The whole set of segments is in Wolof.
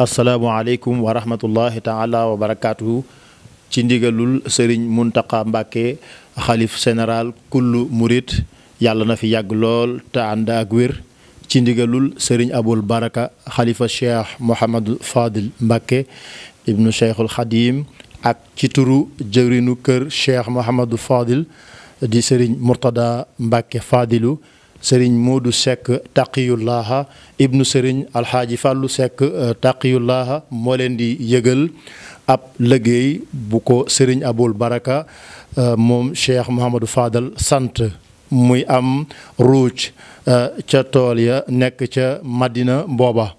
asalaamualeykum wa rahmatullahi taala wa barakaatuhu ci ndigalul sëriñ Muntaqa Mbàkke xalif général kullu murit yàlla na fi yàgg lool te ànd ci ndigalul sëriñ abul baraka xalifa cheikh Mouhamadou Fadil Mbàkke ibnu cheikhul xadim ak ci turu jëwrinu kër cheikh Mouhamadou Fadil di sëriñ Mourtada Mbàkke Fadilu sëriñ Moodu Seck Taqiyullaha ibnu sëriñ Alxaaji Fàllu Seck euh, Taqiyullaha moo leen di yëgal ab liggéey bu ko sëriñ Abul Baraka euh, moom Cheikh Mouhamadou Fadal sant muy am ruuj euh, ca tool ya nekk ca Madina mbooba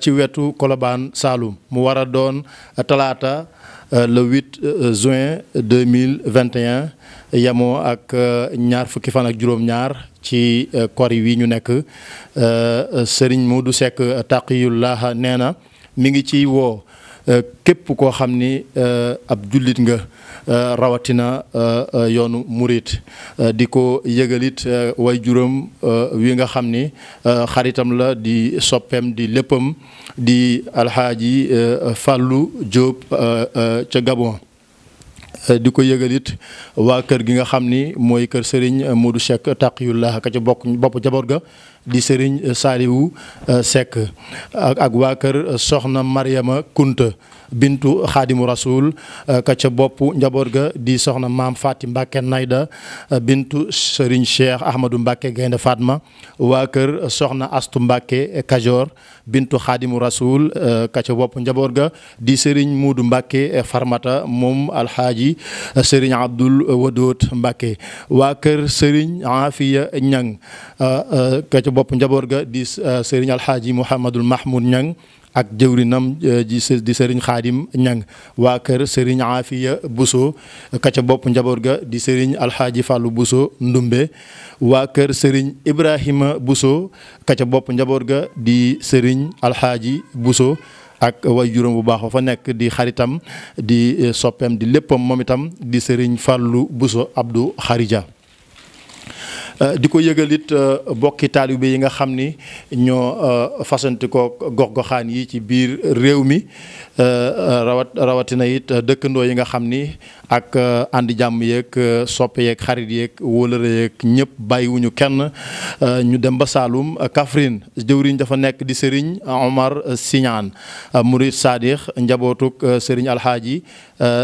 ci wetu Kolobaan Saalum mu war a doon talaata le 8 juin 2021 yemoo ak euh, ñaar fukki fan ak juróom-ñaar ci euh, kori wi ñu nekk euh, Serigne Modou Seck Taqiyullah nee na mu ngi ciy woo képp koo xam ni ab jullit nga rawatina yoonu murit di ko yëgalit way juróom wi nga xam ni xaritam la di soppeem di léppam di alxaaji Fàllu Jóob ca Gabon Eh, di ko yëgal it waa kër gi nga xam ni mooy kër Serigne Modou Cheikh Taqiyullah ka ca bokk bopp jaboot ga di Serigne Saliou euh, Seck ak waa kër Soxna Mariama Kunta bintu xaadimu rasul euh, ka ca bopp njaboot ga di soxna maam Faati Mbàkke Nayda euh, bintu Serigne Cheikh Ahmadou Mbàkke Gaynde Fatma waa kër soxna Astu Mbàkke Kajoor bintu xaadimu rasul ka boppu njaboot ga di Serigne Muudu Mbàkke Farmata moom alxaaji Serigne Abdul Wadoot Mbàkke waa kër Serigne Afiya Ñang ka bopp njaboot ga di uh, sëriñ alxaaji Mouhamadul Mahmoud Ñang ak jëwrinam ji uh, di sëriñ xaadim ñang waa kër sëriñ aafiya buso ka bopp njaboot ga di sëriñ alxaaji fàllu buso ndumbe waa kër sëriñ ibrahima buso ka ca bopp njaboot ga di sëriñ alxaaji buso ak way juróom bu baax ba fa nekk di xaritam di uh, soppeem di léppam moom itam di sëriñ fàllu buso abdu xarija Euh, di ko yëgal it mbokki euh, taalibe yi nga xam ni ñoo euh, fasante ko gox-goxaan yi ci biir réew mi rawat rawatina it dëkkandoo yi nga xam ni ak àndi jàmm yeeg soppe yeeg xarit yeeg wóolëre yeeg ñëpp bàyyiwuñu kenn ñu dem ba Saalum Kaffrine jëwriñ dafa nekk di Serigne Omar Siñaan Murid Saadix njabootuk Serigne Alhaaji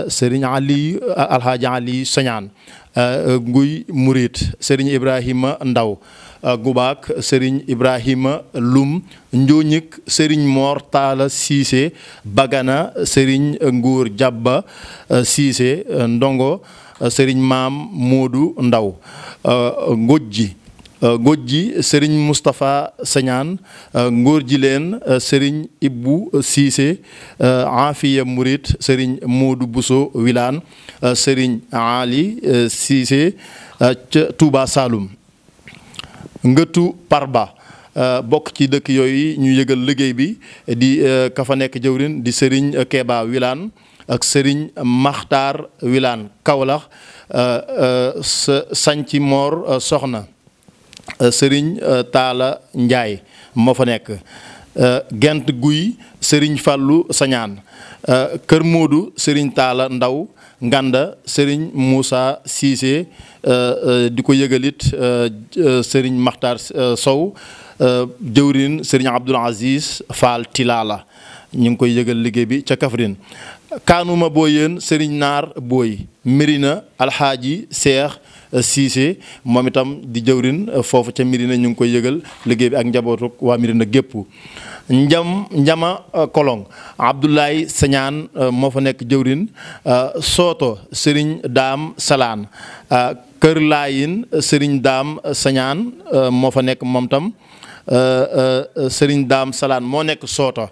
Serigne Ali Alhaaji Ali Sañaan Euh, Nguy Mouride Serigne Ibrahima Ndaw euh, Gubaak Serigne Ibrahima Lum Njóoñik Serigne moor Taala Cissé Bagana Serigne Nguur Jabba euh, Cissé Ndongo Serigne Maam Moodu Ndaw ji Euh, góor ji Serigne Moustapha Sagnane euh, ngóor ji leen euh, Serigne Ibbu Cissé Afiya Murit Serigne Modou Bousso Wilane Serigne Ali Cissé ca Touba Saloum ngëtu Parba bokk ci dëkk yooyu ñu yëgal liggéey bi di ka fa nekk jëwrin di Serigne Keba Wilane ak Serigne Makhtar wilaan Kaolack sa sanci Mor Soxna Euh, sëriñ euh, Taala Njaay moo fa nekk euh, gent guy sëriñ Fàllu Sañaan kër Moodu sëriñ Taala Ndaw Nganda sëriñ Moussa Cissé di ko yëgalit sëriñ Maxtaar Sow jëwrin sëriñ Abdul Aziz Fall Tilala ñu ngi koy yëgal liggéey bi ca Kaffrine kaanuma boo yéen sëriñ Naar Booy mirina Alxaaji Seex Siise moom itam di jëwrin euh, foofu ca Mérina ñu ngi koy yëgal liggéey bi ak njabootu waa Mérina gépp njam njama euh, kolong Abdoulaye Sañaan euh, moo fa nekk jëwrin Sooto Sëriñ Daam Salaan Kër Laayin Sëriñ Daam Sañaan moo fa nekk moom tam Euh, euh, euh, Serigne daam Salaan moo nekk Soota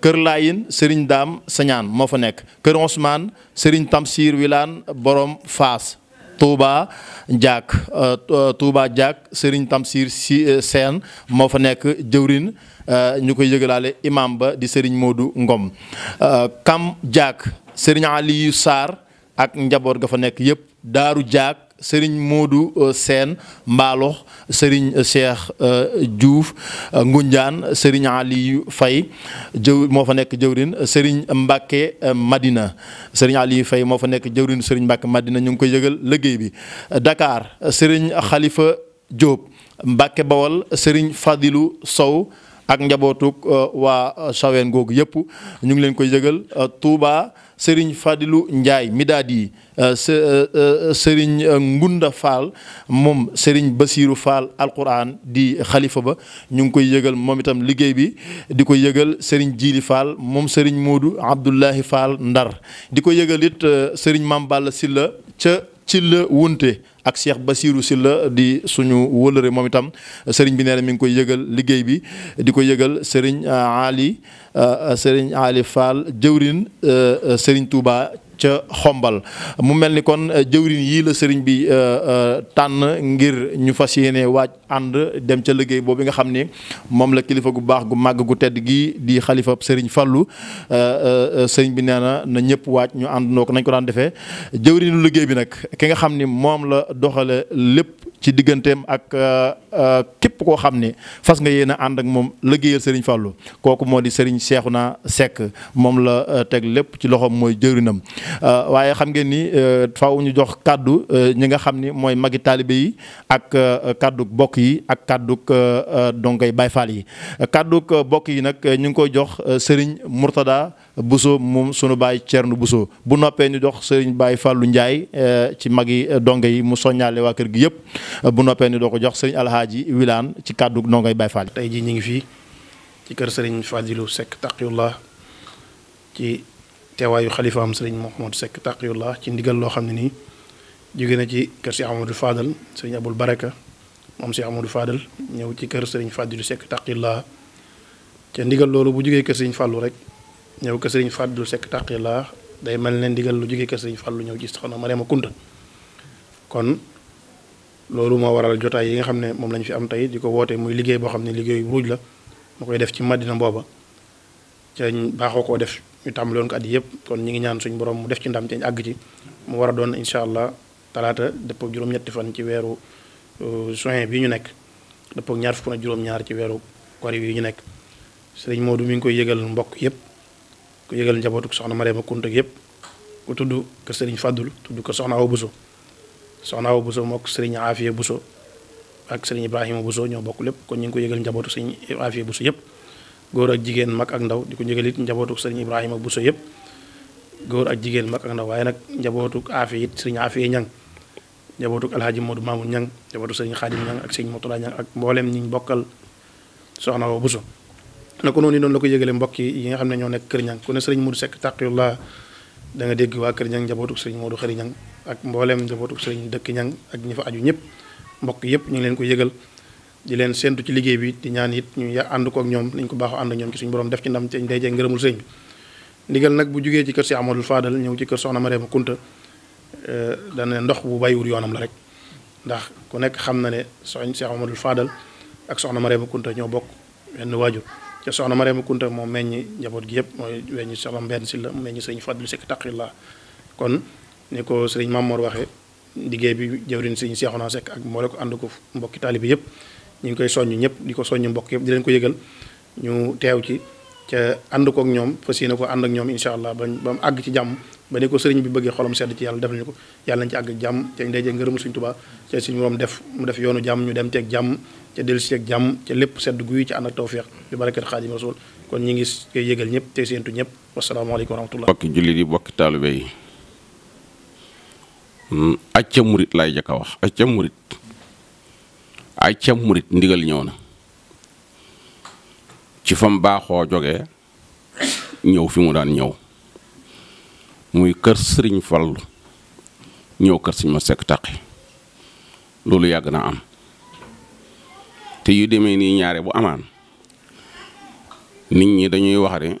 Kër Layin Serigne daam Sañaan moo fa nekk Kër Ousmane Serigne Tamsir wilaan boroom Faas Touba jaak Touba Diak sëriñ Tamsir si Seen moo fa nekk jëwrin ñu koy yëgalaale imaam ba di Serigne Modou Ngom Kam Diak Serigne Aliou Sarr ak njaboot ga fa nekk yëpp Daaru Diak. sëriñ Modou euh, Sène Mbaalox sëriñ euh, Cheikh euh, Diouf Ngunjaan sëriñ Aliou Faye jëw moo fa nekk jëwrin sëriñ Mbacke Madina sëriñ Aliou Faye moo fa nekk jëwrin sëriñ Mbacke Madina ñu ngi koy yëgal liggéey bi Dakar sëriñ Khalifa Diop Mbacke bawal sëriñ fadilu Sow ak njabootuk euh, waa euh, Sawen googu yëpp ñu ngi leen koy yëgal euh, Touba Serigne Fadilou Ndiaye Midadi Serigne Ngunda Fall moom Serigne Basirou Fall alquran di xalifa ba ñu ngi koy yëgal moom itam liggéey bi di ko yëgal Serigne Djili Fall moom Serigne Modou Abdoulahi Fall Ndar di ko yëgal it Serigne Mame Balla Sylla ca. Sylla Wunte ak Cheikh Basirou Sylla di suñu wëlëre moom itam sëriñ bi nee na mi ngi koy yëgal liggéey bi di ko yëgal sëriñ euh, Ali euh, sëriñ Ali Fall jëwrin euh, sëriñ Touba ca xombal mu mel ni kon eh, jëwrin yii la sëriñ bi eh, eh, tànn ngir ñu fas yéene waaj ànd dem ca liggéey boobu nga xam ni moom la kilifa gu baax gu màgg gu tedd gi di xalifa sëriñ Fallu sëriñ bi nee na na ñëpp waaj ñu noo ko nañ ko daan defee jëwrinu liggéey bi nag ki nga xam ni moom la doxale lépp ci digganteem ak euh, euh, képp koo xam ne fas nga yéen a ànd ak moom liggéeyal Serigne Fallou kooku moo di Serigne na Seck moom la euh, teg lépp ci loxoom mooy jëwrinam waaye xam ngeen ni faaw ñu jox kàddu ñi nga xam ni mooy magi taalibe yi ak kàdduk bokk yi ak kàdduk dongay Baye fal yi kàdduk bokk yi nag ñu ngi koy jox Serigne Mourtada Bousso moom sunu baay Thierno Bousso bu noppee ni dox sëriñ bàyyi Fallou Ndiaye eh, ci mag yi eh, donga yi mu soññaale waa kër gi yëpp eh, bu noppee ñu doo ko jox sëriñ Alhaaji wilaan ci kàddu ndongo yi Baye Fall. tey jii ñu ngi fii ci kër sëriñ Fadilou Seck Taqiyullah ci teewaayu xalifaam sëriñ Mouhamadou Seck Taqiyullah ci ndigal loo xam ne nii jóge ci kër si Amadou Fadal sëriñ moom si Amadou Fadal ñëw ci kër sëriñ Fadilou Seck Taqiyullah te ndigal loolu bu jógee kër sëriñ Fallou rek. ñëw ko sëriñ fàddu sekk taqi laa day mel ne ndigal lu jógee ko sëriñ fàllu ñëw ci soxna Mariama Kunta kon loolu moo waral jotaay yi nga xam ne moom lañu fi am tey di ko wootee muy liggéey boo xam ne liggéey ruuj la ma koy def ci Madina mbooba ca baaxoo koo def ñu tàmbaloon ko at yëpp kon ñu ngi ñaan suñu borom mu def ci ndam ci àgg ci mu war a doon incha allah talaata dëppoo juróom-ñetti fan ci weeru euh, juin bi ñu nekk dëppoo ñaar fukk na ci weeru kori bi ñu nekk sëriñ Modou mi ngi koy yëgal mbokk yëpp. ku yëgal njabootu soxna Mariama Kunta yépp ku tudd ko sëriñ Fàddul tudd ko soxna Awa Buso soxna Awa Buso mook sëriñ Afiya Buso ak sëriñ Ibrahima ñoo bokk lépp kon ñu ngi ko yëgal njabootu sëriñ Afiya Buso yëpp góor ak jigéen mag ak ndaw di ko yëgal it njabootu sëriñ Ibrahima Buso yëpp ak jigéen mag ak waaye nag njabootu Afiya it sëriñ Afiya ñang njabootu alhaaji Modou Mamoun ñang njabootu sëriñ Xaadim ñang ak sëriñ ak mbooleem ñi ñu bokkal soxna Awa Buso na ko noonu la ko yëgalee mbokk yi nga xam ne ñoo nekk Kër Ñang ku ne sëriñ Modou Seck taqiyullah da nga dégg waa Kër Ñang njabootuk sëriñ Modou Xari Ñang ak mbooleem njabootuk sëriñ dëkk ñan ak ñi fa aju ñëpp mbokk yëpp ñu ngi leen ko yëgal di leen séentu ci liggéey bi di ñaan it ñu ànd ko ak ñoom niñ ko baaxoo ànd ñoom ci suñu borom def ci ndam te ñu dee ngërëmul sëriñ bi ndigal nag bu jugee ci kër si Amadou Fadal ñëw ci kër soxna Mariama Kunta euh, dana ne ndox bu bàyyiwul yoonam la rek ndax ku nekk xam na ne soxna si Amadou Fadal ak soxna Mariama Kunta ñoo bokk benn waajur ca soxna ma Mariama Kunta moo meññi njaboot gi yëpp mooy weññi soxna mbenn si la meññi sëriñ Fadlu Sekk taqillah kon ni ko sëriñ Mamoor waxee liggéey bi jëwriñ sëriñ Seexuna Sekk ak moo la ko ànd ko mbokki taalibe yëpp ñu ngi koy soññ ñëpp di ko soññ mbokk yëpp di leen ko yëgal ñu teew ci ca ànd kook ñoom fas yéene ko ànd ak ñoom incha allah ba mu àgg ci jàmm ba ni ko sëriñ bi bëggee xolam sedd ci yàlla def nañu ko yàlla nañ ci àgg ak jàmm ca ndeyjee ngërëmul suñ tubaa ca suñu moom def mu def yoonu jàmm ñu dem teeg jàmm ca dellusi teeg jàmm ca lépp sedd guy ci ànd ak tawféex bi barakat ma rasul kon ñi ngi koy yëgal ñëpp te séentu ñëpp wasalaamaaleykum wa rahmatullah bokki jullit yi bokki taalibe yi acca murit laay jëkk a wax acca murit acca murit ndigal ñëw na ci fam baaxoo joge ñëw fi mu daan ñëw muy kër sëriñ Fallu ñëw kër sëriñ ma sekk taqi loolu yàgg na am te yu demee nii ñaare bu amaan nit ñi dañuy wax ne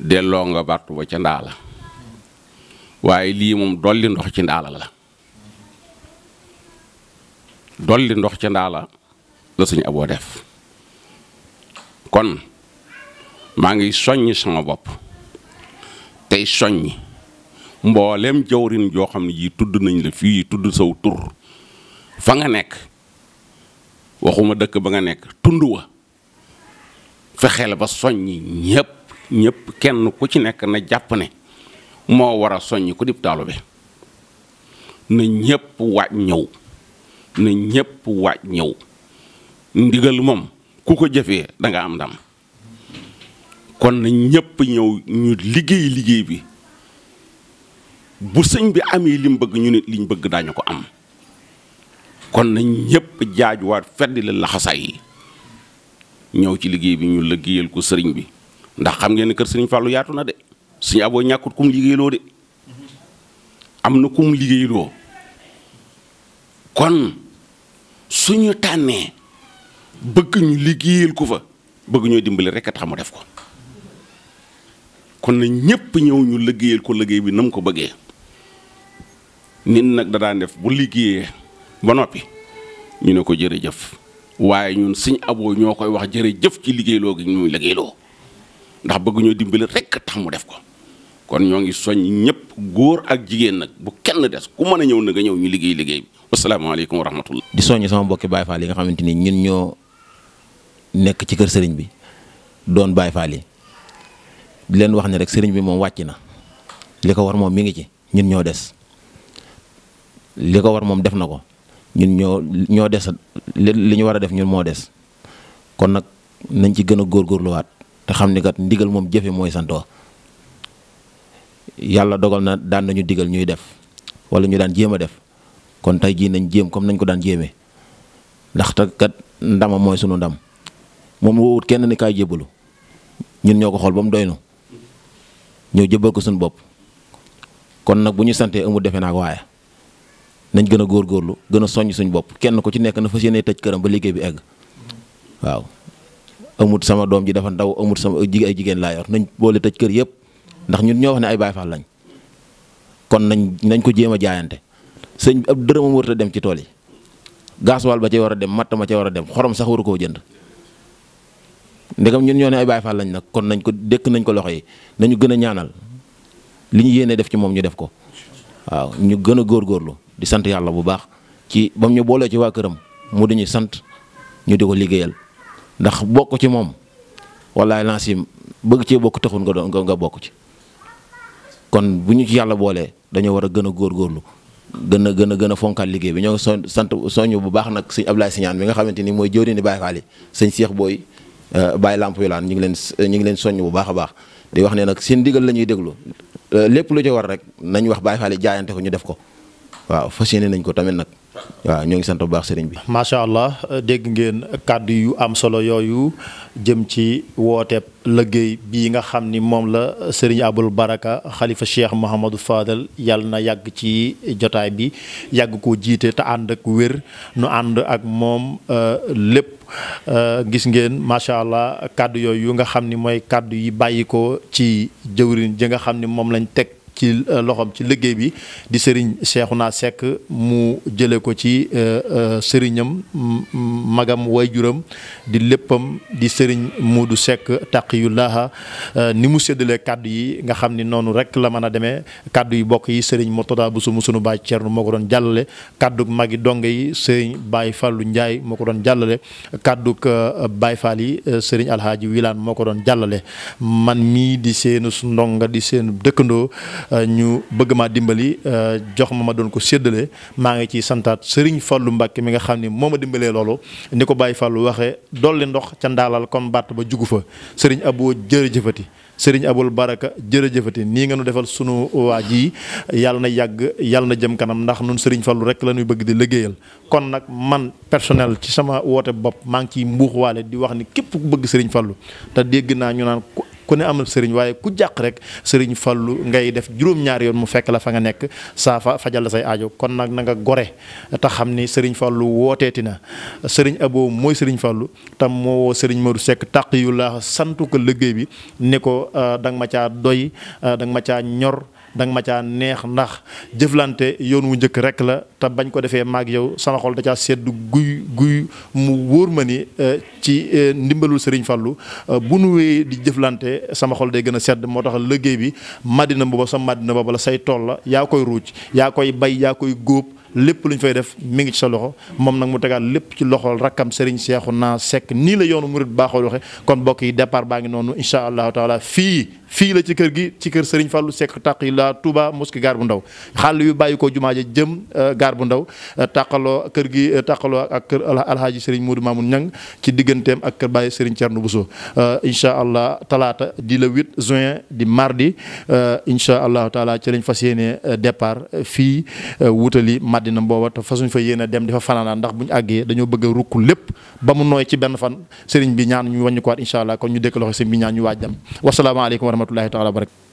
delloo nga bàttu ba ca ndaa la waaye lii moom dolli ndox ci ndaala la dolli ndox ca ndaa la la suñu aboo def kon maa ngi soññ sama bopp tey soññ mboolem jawrin joo xam ne ji tudd nañ la fii tudd sëw tur fa nga nekk waxuma dëkk ba nga nekk tund wa fexeel ba soññ ñépp ñépp kenn ku ci nekk na jàpp ne moo war a soññ ku dib taalu bi na ñépp waaj ñëw na ñépp waaj ñëw ndigal moom ku ko jëfee danga am ndam kon nañ ñëpp ñëw ñu liggéey liggéey bi bu sëñ bi amee lim bëgg ñu nit liñ bëgg daañu ko am kon nañ ñëpp jaajuwaat fedd la laxasaay yi ñëw ci liggéey bi ñu liggéeyal ko sëriñ bi ndax xam ngeen ne kër sëriñ Fallou yaatu na de suñu aboo ñàkkut kum liggéeyloo de am na kum liggéeyloo kon suñu tànnee bëgg ñu liggéeyal ko fa bëgg ñoo dimbali rek a tax mu def ko kon na ñépp ñëw ñu liggéeyal ko liggéey bi na ko bëggee nit nag da daan def bu liggéeyee ba noppi ñu ne ko jëf waaye ñun suñ aboo ñoo koy wax jëre jëf ci liggéeyloo gi ñuy liggéeyloo ndax bëgg ñoo dimbali rek tax mu def ko kon ñoo ngi soñ ñëpp góor ak jigéen nag bu kenn des ku mën a ñëw na nga ñëw ñu liggéey liggéey bi wasalaamaaleykum wa rahmatullah di soññ sama mbokki Baay nga xamante ni ñun ñoo nekk ci kër sëriñ bi doon Baay Faal yi di leen wax ne rek sëriñ bi moom wàcc na li ko war moom mi ngi ci ñun ñoo des li ko war moom def na ko ñun ñoo ñoo des li ñu war a def ñun moo des kon nag nañ ci gën a góorluwaat te xam ni kat ndigal moom jëfe mooy santoo yàlla dogal na daan nañu digal ñuy def wala ñu daan jéem a def kon tey jii nañ jéem comme nañ ko daan jéeme ndax te kat ndama mooy sunu ndam. moom woowut kenn ni kaay jébbalu ñun ñoo ko xool ba mu doy nu ñoo jëbbal ko suñu bopp kon nag bu ñu santee amul defe naa waaye nañ gën a góorlu gën a soññ suñ bopp kenn ku ci nekk na fas yéene tëj këram ba liggéey bi egg waaw amut sama doom ji dafa ndaw amut sama ay jigéen laa yor nañ boole tëj kër yépp ndax ñun ñoo wax ne ay Baay Faal lañ kon nañ nañ ko jéem a jaayante sëñ ab dërëm warut a dem ci tool yi gaaswal ba ca war a dem matt ma ca war a dem xorom sax waru koo jënd ndegam ñun ñoo ne ay Baay Faal lañ nag kon nañ ko dëkk nañ ko loxo yi nañu gën a ñaanal li ñu yéene def ci moom ñu def ko waaw ñu gën a góorlu di sant yàlla bu baax ci bam ñu boolee ci waa këram mu di ñu sant ñu di ko liggéeyal ndax bokk ci moom wallaay lancim bëgg cee bokk taxul nga doon nga bokk ci kon bu ñu ci yàlla boolee dañoo war a gën a góorgóorlu gën a gën a gën a fonkaat liggéey bi ñoo ngi so sant soñu bu baax nag sëñ Ablaye Siñaan bi nga xamante ni mooy jëwriñu Baay Faal yi sëñ Booy Euh, bàyyi lamp yu laan ñu ngi leen ñu ngi leen soññ bu baax a baax di wax ne nag seen digal la ñuy déglu euh, lépp lu ci war rek nañ wax bàyyi faale jaayante ko ñu def ko waaw fas yéene nañ ko tamit nag waaw ñoo ngi sant bu baax sëriñ bi. macha allah euh, dégg ngeen kàddu yu am solo yooyu jëm ci wooteeb liggéey bii nga xam ni moom la sëriñ Abul Baraka xalifa cheikh Mouhamadou Fadel yàlla na yàgg ci jotaay bi yàgg ko jiite te ànd ak wér nu ànd ak moom lépp. Euh, gis ngeen macha allah kàddu yooyu nga xam ni mooy kàddu yi bàyyi ko ci jëwriñ ji nga xam ni moom lañ teg. ci euh, loxoom ci liggéey bi di sëriñ naa Seck mu jële ko ci euh, euh, sëriñam mm, magam juram di léppam di sëriñ Modou Seck taqiyullaha ni mu séddalee kàddu yi nga xam ni noonu rek la mën a demee kàddu yi bokk yi sëriñ Motoda bu sumu sunu baay Cerno moo ko doon jàllale kàddug magi donge yi sëriñ Baye Fallou Ndiaye moo ko doon jàllale kàddug Baye fal yi sëriñ Alhaaji Wilane moo ko doon jàllale man mii di seenu ndonga di seen dëkkandoo Euh, ñu bëgg maa dimbali euh, jox ma ma doon ko séddale maa ngi ciy santaat Serigne Fallou Mbacke mi nga xam ni moo ma dimbalee loolu ni ko bàyyi Fallou waxee dolli ndox ca ndaalal kon batt ba jugu fa aboo Abou jërëjëfati sëriñ abul baraka jërëjëfati nii nga nu defal sunu waa ji yàlla na yàgg yàlla na jëm kanam ndax nun sëriñ fallu rek la ñuy bëgg di liggéeyal kon nag man personnel ci sama woote bopp maa ngi ciy mbuux waale di wax ni képp bëgg sëriñ fallu te dégg ku ne am sëriñ waaye ku jàq rek sëriñ fallu ngay def juróom-ñaar yoon mu fekk la fa nga nekk saa fa fajal la say aajo kon nag nanga gore te xam ni sëriñ fallu wooteeti na sëriñ abo mooy sëriñ fallu tam moo woo sëriñ Modou Seck taq yu la santu ko liggéey bi ni ko euh, da nga ma caa doy euh, da nga ma caa ñor danga ma caa neex ndax jëflante yoon wu njëkk rek la te bañ ko defee maag yow sama xol da caa sedd guy guy mu wóor ma ni euh, ci euh, ndimbalul sëriñ Fallou euh, bu nu wéyee di jëflante sama xol day gën a sedd moo tax liggéey bi madina booba sa màddina booba la say tool la yaa koy ruuj yaa koy bay yaa koy góob lépp lu fay def mi ngi ci sa loxo moom nag mu tegaat lépp ci loxol rakkam Serigne Cheikhouna sekk nii la yoonu murit baaxoo waxe kon mbokk yi départ baa ngi noonu incha allahu taala fii fii la ci kër gi ci kër Serigne Fallou Seck taq yi la Touba moski gaar bu ndaw xàll yu bàyyi koo jumaa ja jëm euh, gaar bu ndaw euh, tàqaloo kër gi euh, tàqaloo ak kër alhaaji Serigne Modou Mamoun Niang ci digganteem ak kër Baye Serigne Thierno Bousso incha allah talaata di la 8 juin di mardi incha allahu taala ci lañ fa yéene départ fii wutali Mad àddina booba te fasuñ fa yéen a dem di fa fanaanaan ndax buñ àggee dañoo bëgg a rukk lépp ba mu nooy ci benn fan sëriñ bi ñaan ñu wàññi ko waat allah kon ñu dëkk loxo sëriñ bi ñaan ñu waaj dem wasalaamaaleykum wa rahmatullahi taala wa barakatu